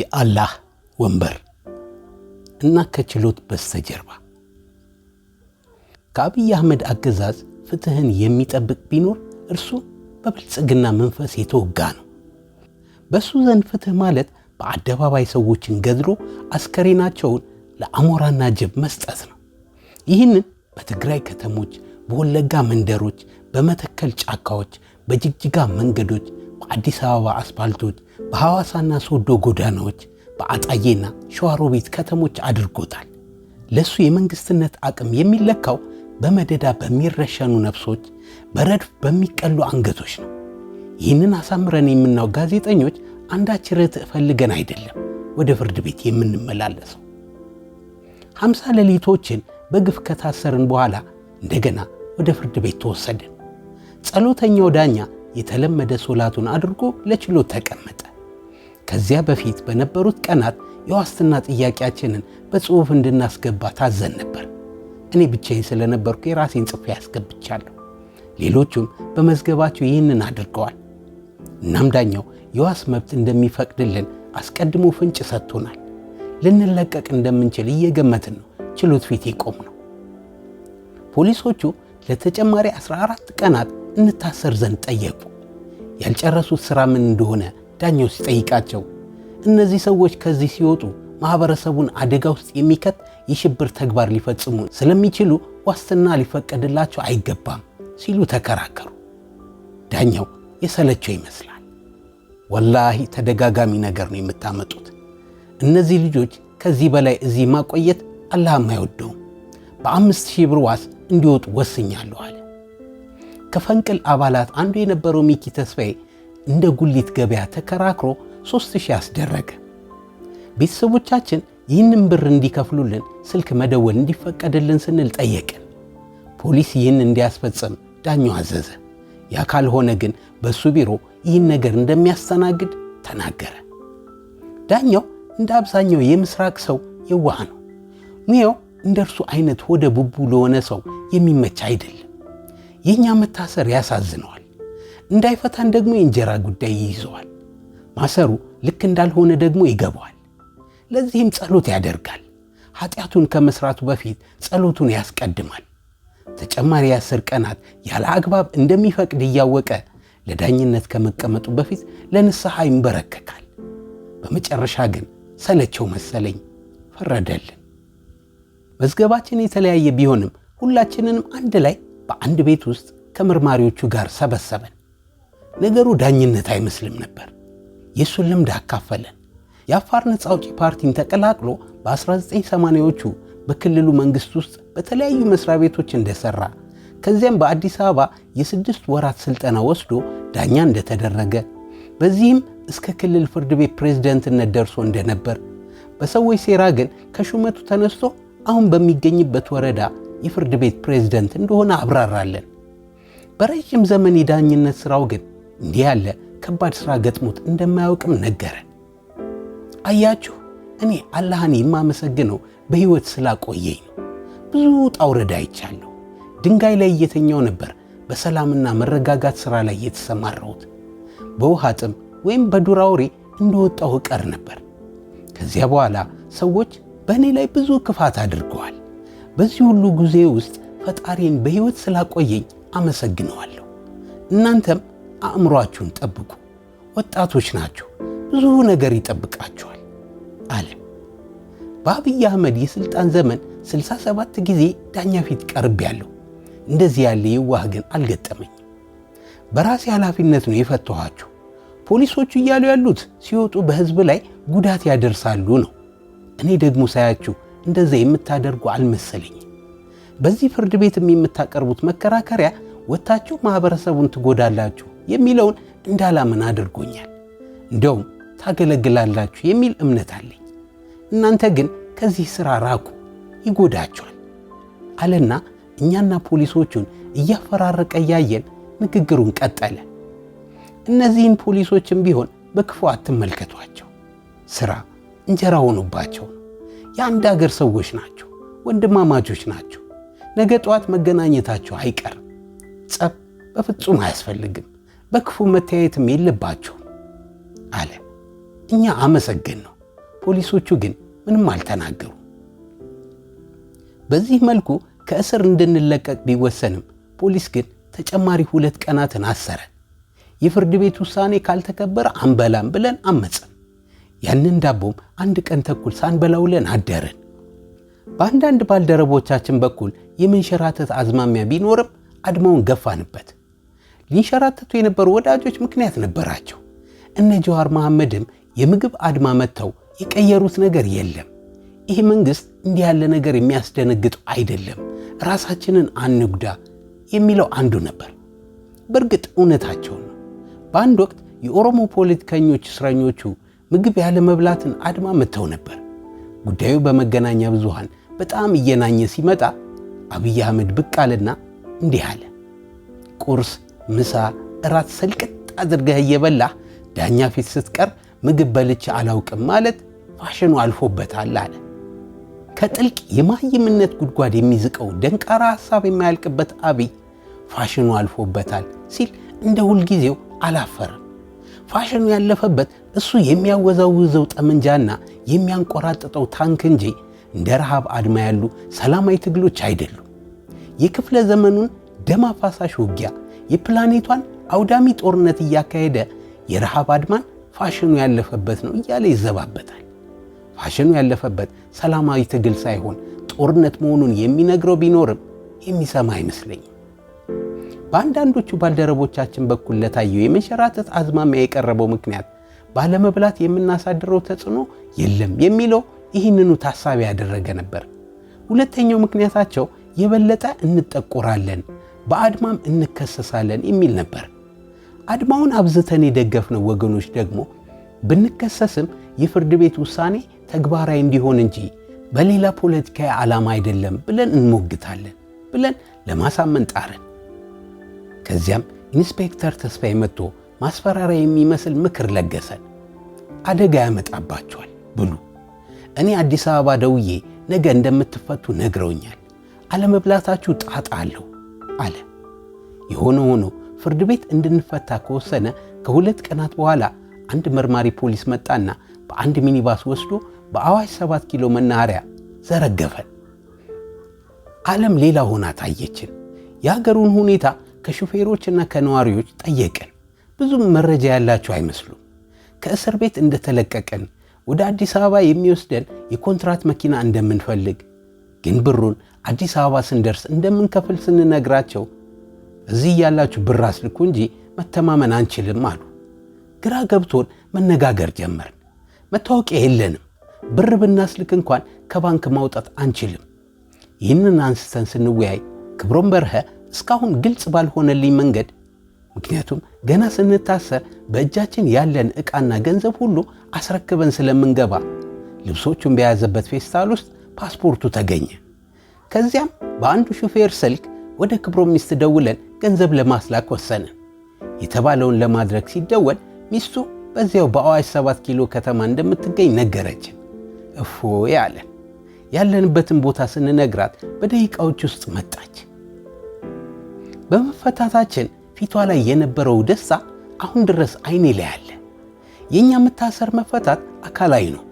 የአላህ ወንበር እና ከችሎት በስተጀርባ ከአብይ አህመድ አገዛዝ ፍትህን የሚጠብቅ ቢኖር እርሱ በብልጽግና መንፈስ የተወጋ ነው። በእሱ ዘንድ ፍትህ ማለት በአደባባይ ሰዎችን ገድሎ አስከሬናቸውን ለአሞራና ጅብ መስጠት ነው። ይህንን በትግራይ ከተሞች፣ በወለጋ መንደሮች፣ በመተከል ጫካዎች፣ በጅግጅጋ መንገዶች በአዲስ አበባ አስፓልቶች፣ በሐዋሳና ሶዶ ጎዳናዎች፣ በአጣዬና ቤት ከተሞች አድርጎታል። ለእሱ የመንግስትነት አቅም የሚለካው በመደዳ በሚረሸኑ ነፍሶች፣ በረድፍ በሚቀሉ አንገቶች ነው። ይህንን አሳምረን የምናው ጋዜጠኞች አንዳች ርትዕ ፈልገን አይደለም ወደ ፍርድ ቤት የምንመላለሰው። ሐምሳ ሌሊቶችን በግፍ ከታሰርን በኋላ እንደገና ወደ ፍርድ ቤት ተወሰድን። ጸሎተኛው ዳኛ የተለመደ ሶላቱን አድርጎ ለችሎት ተቀመጠ። ከዚያ በፊት በነበሩት ቀናት የዋስትና ጥያቄያችንን በጽሑፍ እንድናስገባ ታዘን ነበር። እኔ ብቻዬን ስለነበርኩ የራሴን ጽፌ ያስገብቻለሁ። ሌሎቹም በመዝገባቸው ይህንን አድርገዋል። እናም ዳኛው የዋስ መብት እንደሚፈቅድልን አስቀድሞ ፍንጭ ሰጥቶናል። ልንለቀቅ እንደምንችል እየገመትን ነው ችሎት ፊት የቆም ነው። ፖሊሶቹ ለተጨማሪ 14 ቀናት እንታሰር ዘንድ ጠየቁ። ያልጨረሱት ሥራ ምን እንደሆነ ዳኛው ሲጠይቃቸው እነዚህ ሰዎች ከዚህ ሲወጡ ማኅበረሰቡን አደጋ ውስጥ የሚከት የሽብር ተግባር ሊፈጽሙ ስለሚችሉ ዋስትና ሊፈቀድላቸው አይገባም ሲሉ ተከራከሩ። ዳኛው የሰለቸው ይመስላል። ወላሂ ተደጋጋሚ ነገር ነው የምታመጡት። እነዚህ ልጆች ከዚህ በላይ እዚህ ማቆየት አላህም አይወደውም። በአምስት ሺህ ብር ዋስ እንዲወጡ ወስኛለሁ አለ። ከፈንቅል አባላት አንዱ የነበረው ሚኪ ተስፋዬ እንደ ጉሊት ገበያ ተከራክሮ 3000 አስደረገ። ቤተሰቦቻችን ይህንን ብር እንዲከፍሉልን ስልክ መደወል እንዲፈቀድልን ስንል ጠየቅን። ፖሊስ ይህን እንዲያስፈጽም ዳኛው አዘዘ። ያ ካልሆነ ግን በእሱ ቢሮ ይህን ነገር እንደሚያስተናግድ ተናገረ። ዳኛው እንደ አብዛኛው የምስራቅ ሰው የዋህ ነው። ሙያው እንደ እርሱ አይነት ወደ ቡቡ ለሆነ ሰው የሚመች አይደለም። የእኛ መታሰር ያሳዝነዋል። እንዳይፈታን ደግሞ የእንጀራ ጉዳይ ይይዘዋል። ማሰሩ ልክ እንዳልሆነ ደግሞ ይገባዋል። ለዚህም ጸሎት ያደርጋል። ኃጢአቱን ከመስራቱ በፊት ጸሎቱን ያስቀድማል። ተጨማሪ የአስር ቀናት ያለ አግባብ እንደሚፈቅድ እያወቀ ለዳኝነት ከመቀመጡ በፊት ለንስሐ ይንበረከካል። በመጨረሻ ግን ሰለቸው መሰለኝ ፈረደልን። መዝገባችን የተለያየ ቢሆንም ሁላችንንም አንድ ላይ በአንድ ቤት ውስጥ ከመርማሪዎቹ ጋር ሰበሰበን። ነገሩ ዳኝነት አይመስልም ነበር። የእሱን ልምድ አካፈለን። የአፋር ነፃ አውጪ ፓርቲን ተቀላቅሎ በ1980ዎቹ በክልሉ መንግሥት ውስጥ በተለያዩ መስሪያ ቤቶች እንደሠራ ከዚያም በአዲስ አበባ የስድስት ወራት ሥልጠና ወስዶ ዳኛ እንደተደረገ በዚህም እስከ ክልል ፍርድ ቤት ፕሬዝደንትነት ደርሶ እንደነበር በሰዎች ሴራ ግን ከሹመቱ ተነስቶ አሁን በሚገኝበት ወረዳ የፍርድ ቤት ፕሬዝደንት እንደሆነ አብራራለን። በረዥም ዘመን የዳኝነት ሥራው ግን እንዲህ ያለ ከባድ ሥራ ገጥሞት እንደማያውቅም ነገረ። አያችሁ እኔ አላህን የማመሰግነው በሕይወት ስላቆየኝ ነው። ብዙ ጣውረድ አይቻለሁ። ድንጋይ ላይ እየተኛው ነበር በሰላምና መረጋጋት ሥራ ላይ የተሰማራሁት። በውሃ ጥም ወይም በዱር አውሬ እንደወጣሁ እቀር ነበር። ከዚያ በኋላ ሰዎች በእኔ ላይ ብዙ ክፋት አድርገዋል። በዚህ ሁሉ ጊዜ ውስጥ ፈጣሪን በሕይወት ስላቆየኝ አመሰግነዋለሁ። እናንተም አእምሯችሁን ጠብቁ። ወጣቶች ናችሁ፣ ብዙ ነገር ይጠብቃችኋል አለ። በአብይ አህመድ የሥልጣን ዘመን 67 ጊዜ ዳኛ ፊት ቀርቤያለሁ። እንደዚህ ያለ የዋህ ግን አልገጠመኝም። በራሴ ኃላፊነት ነው የፈተኋችሁ። ፖሊሶቹ እያሉ ያሉት ሲወጡ በሕዝብ ላይ ጉዳት ያደርሳሉ ነው። እኔ ደግሞ ሳያችሁ እንደዚያ የምታደርጉ አልመሰለኝም። በዚህ ፍርድ ቤትም የምታቀርቡት መከራከሪያ ወጥታችሁ ማኅበረሰቡን ትጎዳላችሁ የሚለውን እንዳላምን አድርጎኛል። እንደውም ታገለግላላችሁ የሚል እምነት አለኝ። እናንተ ግን ከዚህ ሥራ ራቁ፣ ይጎዳችኋል አለና እኛና ፖሊሶቹን እያፈራረቀ እያየን ንግግሩን ቀጠለ። እነዚህን ፖሊሶችም ቢሆን በክፉ አትመልከቷቸው፣ ሥራ እንጀራ ሆኑባቸው። ነው የአንድ አገር ሰዎች ናቸው፣ ወንድማማቾች ናቸው። ነገ ጠዋት መገናኘታቸው አይቀርም። ጸብ በፍጹም አያስፈልግም። በክፉ መተያየትም የለባቸውም አለ። እኛ አመሰገን ነው። ፖሊሶቹ ግን ምንም አልተናገሩ። በዚህ መልኩ ከእስር እንድንለቀቅ ቢወሰንም ፖሊስ ግን ተጨማሪ ሁለት ቀናትን አሰረ። የፍርድ ቤት ውሳኔ ካልተከበረ አንበላም ብለን አመፅን። ያንን ዳቦም አንድ ቀን ተኩል ሳንበላውለን አደርን። በአንዳንድ ባልደረቦቻችን በኩል የመንሸራተት አዝማሚያ ቢኖርም አድማውን ገፋንበት። ሊንሸራተቱ የነበሩ ወዳጆች ምክንያት ነበራቸው። እነ ጀዋር መሐመድም የምግብ አድማ መጥተው የቀየሩት ነገር የለም። ይህ መንግሥት እንዲህ ያለ ነገር የሚያስደነግጥ አይደለም፣ ራሳችንን አንጉዳ የሚለው አንዱ ነበር። በእርግጥ እውነታቸው ነው። በአንድ ወቅት የኦሮሞ ፖለቲከኞች እስረኞቹ ምግብ ያለ መብላትን አድማ መተው ነበር። ጉዳዩ በመገናኛ ብዙሃን በጣም እየናኘ ሲመጣ አብይ አህመድ ብቅ አለና እንዲህ አለ። ቁርስ፣ ምሳ፣ እራት ሰልቅጥ አድርገህ እየበላህ ዳኛ ፊት ስትቀር ምግብ በልቼ አላውቅም ማለት ፋሽኑ አልፎበታል አለ። ከጥልቅ የማይምነት ጉድጓድ የሚዝቀው ደንቃራ ሐሳብ የማያልቅበት አብይ ፋሽኑ አልፎበታል ሲል እንደ ሁልጊዜው አላፈርም። ፋሽኑ ያለፈበት እሱ የሚያወዛውዘው ጠመንጃና የሚያንቆራጥጠው ታንክ እንጂ እንደ ረሃብ አድማ ያሉ ሰላማዊ ትግሎች አይደሉም። የክፍለ ዘመኑን ደም አፋሳሽ ውጊያ፣ የፕላኔቷን አውዳሚ ጦርነት እያካሄደ የረሃብ አድማን ፋሽኑ ያለፈበት ነው እያለ ይዘባበታል። ፋሽኑ ያለፈበት ሰላማዊ ትግል ሳይሆን ጦርነት መሆኑን የሚነግረው ቢኖርም የሚሰማ አይመስለኝም። በአንዳንዶቹ ባልደረቦቻችን በኩል ለታየው የመንሸራተት አዝማሚያ የቀረበው ምክንያት ባለመብላት የምናሳድረው ተጽዕኖ የለም የሚለው ይህንኑ ታሳቢ ያደረገ ነበር። ሁለተኛው ምክንያታቸው የበለጠ እንጠቆራለን፣ በአድማም እንከሰሳለን የሚል ነበር። አድማውን አብዝተን የደገፍነው ወገኖች ደግሞ ብንከሰስም የፍርድ ቤት ውሳኔ ተግባራዊ እንዲሆን እንጂ በሌላ ፖለቲካዊ ዓላማ አይደለም ብለን እንሞግታለን ብለን ለማሳመን ጣርን። ከዚያም ኢንስፔክተር ተስፋዬ መጥቶ ማስፈራሪያ የሚመስል ምክር ለገሰን። አደጋ ያመጣባቸዋል ብሉ። እኔ አዲስ አበባ ደውዬ ነገ እንደምትፈቱ ነግረውኛል። አለመብላታችሁ ጣጣ አለው አለ። የሆነ ሆኖ ፍርድ ቤት እንድንፈታ ከወሰነ ከሁለት ቀናት በኋላ አንድ መርማሪ ፖሊስ መጣና በአንድ ሚኒባስ ወስዶ በአዋሽ ሰባት ኪሎ መናኸሪያ ዘረገፈን። ዓለም ሌላ ሆና ታየችን። የሀገሩን ሁኔታ ከሹፌሮችና ከነዋሪዎች ጠየቅን። ብዙም መረጃ ያላቸው አይመስሉም። ከእስር ቤት እንደተለቀቀን ወደ አዲስ አበባ የሚወስደን የኮንትራት መኪና እንደምንፈልግ ግን ብሩን አዲስ አበባ ስንደርስ እንደምንከፍል ስንነግራቸው እዚህ ያላችሁ ብር አስልኩ እንጂ መተማመን አንችልም አሉ። ግራ ገብቶን መነጋገር ጀመርን። መታወቂያ የለንም፣ ብር ብናስልክ እንኳን ከባንክ ማውጣት አንችልም። ይህንን አንስተን ስንወያይ ክብሮም በርሀ እስካሁን ግልጽ ባልሆነልኝ መንገድ ምክንያቱም ገና ስንታሰር በእጃችን ያለን ዕቃና ገንዘብ ሁሉ አስረክበን ስለምንገባ ልብሶቹን በያዘበት ፌስታል ውስጥ ፓስፖርቱ ተገኘ። ከዚያም በአንዱ ሹፌር ስልክ ወደ ክብሮ ሚስት ደውለን ገንዘብ ለማስላክ ወሰንን። የተባለውን ለማድረግ ሲደወል ሚስቱ በዚያው በአዋሽ 7 ኪሎ ከተማ እንደምትገኝ ነገረችን። እፎ አለን። ያለንበትን ቦታ ስንነግራት በደቂቃዎች ውስጥ መጣች። በመፈታታችን ፊቷ ላይ የነበረው ደስታ አሁን ድረስ አይኔ ላይ አለ። የእኛ የምታሰር መፈታት አካላዊ ነው፣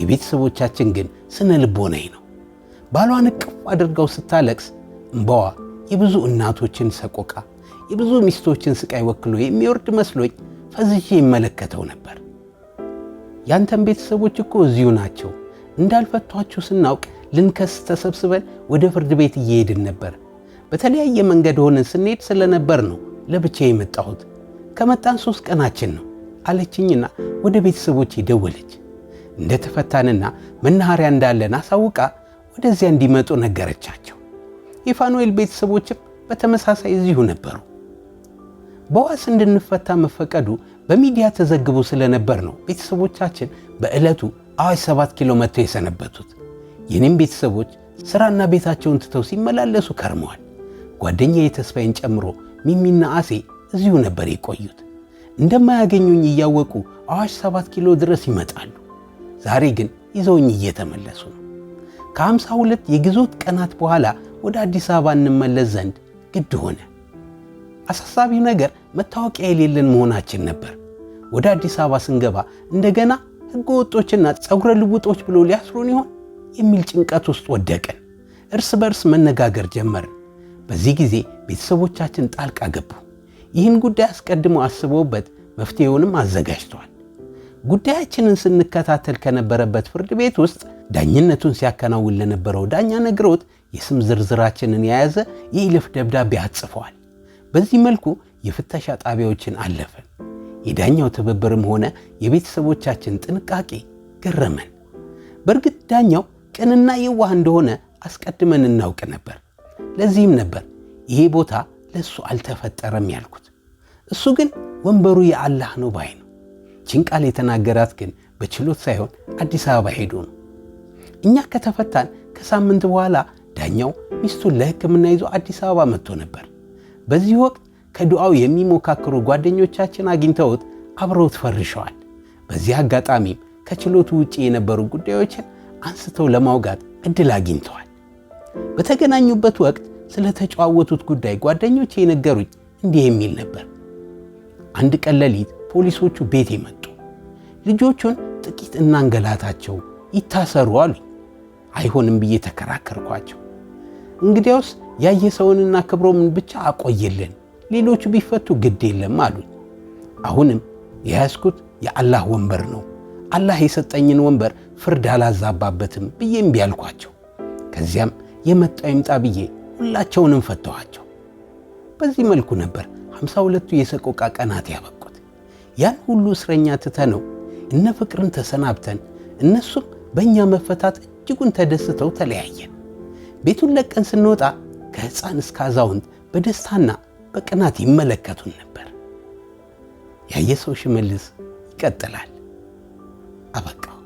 የቤተሰቦቻችን ግን ስነ ልቦናዊ ነው። ባሏን እቅፍ አድርገው ስታለቅስ እምባዋ የብዙ እናቶችን ሰቆቃ፣ የብዙ ሚስቶችን ስቃይ ወክሎ የሚወርድ መስሎኝ ፈዝዤ ይመለከተው ነበር። ያንተን ቤተሰቦች እኮ እዚሁ ናቸው፣ እንዳልፈቷችሁ ስናውቅ ልንከስ ተሰብስበን ወደ ፍርድ ቤት እየሄድን ነበር በተለያየ መንገድ ሆነን ስንሄድ ስለነበር ነው ለብቻ የመጣሁት። ከመጣን ሶስት ቀናችን ነው አለችኝና ወደ ቤተሰቦች ደወለች። እንደተፈታንና መናኸሪያ እንዳለን አሳውቃ ወደዚያ እንዲመጡ ነገረቻቸው። የፋኑኤል ቤተሰቦችም በተመሳሳይ እዚሁ ነበሩ። በዋስ እንድንፈታ መፈቀዱ በሚዲያ ተዘግቦ ስለነበር ነው ቤተሰቦቻችን በዕለቱ አዋሽ ሰባት ኪሎ መጥተው የሰነበቱት። የኔም ቤተሰቦች ሥራና ቤታቸውን ትተው ሲመላለሱ ከርመዋል። ጓደኛዬ ተስፋዬን ጨምሮ ሚሚና አሴ እዚሁ ነበር የቆዩት። እንደማያገኙኝ እያወቁ አዋሽ ሰባት ኪሎ ድረስ ይመጣሉ። ዛሬ ግን ይዘውኝ እየተመለሱ ነው። ከሃምሳ ሁለት የግዞት ቀናት በኋላ ወደ አዲስ አበባ እንመለስ ዘንድ ግድ ሆነ። አሳሳቢው ነገር መታወቂያ የሌለን መሆናችን ነበር። ወደ አዲስ አበባ ስንገባ እንደገና ሕገ ወጦችና ፀጉረ ልውጦች ብሎ ሊያስሩን ይሆን የሚል ጭንቀት ውስጥ ወደቅን። እርስ በርስ መነጋገር ጀመርን። በዚህ ጊዜ ቤተሰቦቻችን ጣልቃ ገቡ። ይህን ጉዳይ አስቀድሞ አስበውበት መፍትሄውንም አዘጋጅተዋል። ጉዳያችንን ስንከታተል ከነበረበት ፍርድ ቤት ውስጥ ዳኝነቱን ሲያከናውን ለነበረው ዳኛ ነግረውት የስም ዝርዝራችንን የያዘ የይለፍ ደብዳቤ አጽፈዋል። በዚህ መልኩ የፍተሻ ጣቢያዎችን አለፈን። የዳኛው ትብብርም ሆነ የቤተሰቦቻችን ጥንቃቄ ገረመን። በእርግጥ ዳኛው ቅንና የዋህ እንደሆነ አስቀድመን እናውቅ ነበር። ለዚህም ነበር ይሄ ቦታ ለእሱ አልተፈጠረም ያልኩት። እሱ ግን ወንበሩ የአላህ ነው ባይ ነው። ችንቃል ቃል የተናገራት ግን በችሎት ሳይሆን አዲስ አበባ ሄዶ ነው። እኛ ከተፈታን ከሳምንት በኋላ ዳኛው ሚስቱን ለሕክምና ይዞ አዲስ አበባ መጥቶ ነበር። በዚህ ወቅት ከዱዓው የሚሞካክሩ ጓደኞቻችን አግኝተውት አብረውት ፈርሸዋል። በዚህ አጋጣሚም ከችሎቱ ውጭ የነበሩ ጉዳዮችን አንስተው ለማውጋት እድል አግኝተዋል። በተገናኙበት ወቅት ስለተጨዋወቱት ጉዳይ ጓደኞቼ የነገሩኝ እንዲህ የሚል ነበር። አንድ ቀን ሌሊት ፖሊሶቹ ቤት የመጡ ልጆቹን ጥቂት እናንገላታቸው፣ ይታሰሩ አሉ። አይሆንም ብዬ ተከራከርኳቸው። እንግዲያውስ ያየ ሰውንና ክብሮምን ብቻ አቆየልን፣ ሌሎቹ ቢፈቱ ግድ የለም አሉኝ። አሁንም የያዝኩት የአላህ ወንበር ነው። አላህ የሰጠኝን ወንበር ፍርድ አላዛባበትም ብዬ ቢያልኳቸው ከዚያም የመጣ ይምጣ ብዬ ሁላቸውንም ፈተኋቸው። በዚህ መልኩ ነበር ሃምሳ ሁለቱ የሰቆቃ ቀናት ያበቁት። ያን ሁሉ እስረኛ ትተነው እነ ፍቅርን ተሰናብተን እነሱም በእኛ መፈታት እጅጉን ተደስተው ተለያየን። ቤቱን ለቀን ስንወጣ ከሕፃን እስከ አዛውንት በደስታና በቅናት ይመለከቱን ነበር። ያየሰው ሽመልስ ይቀጥላል። አበቃ።